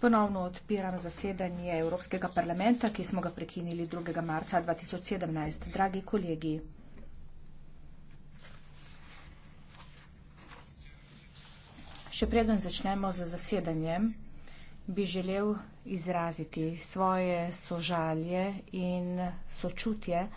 Ponovno odpiram zasedanje Evropskega parlamenta, ki smo ga prekinili drugega marca dva tisoč sedemnajst. Dragi kolegi. Še preden začnemo z zasedanjem, bi želel izraziti svoje sožalje in sočutje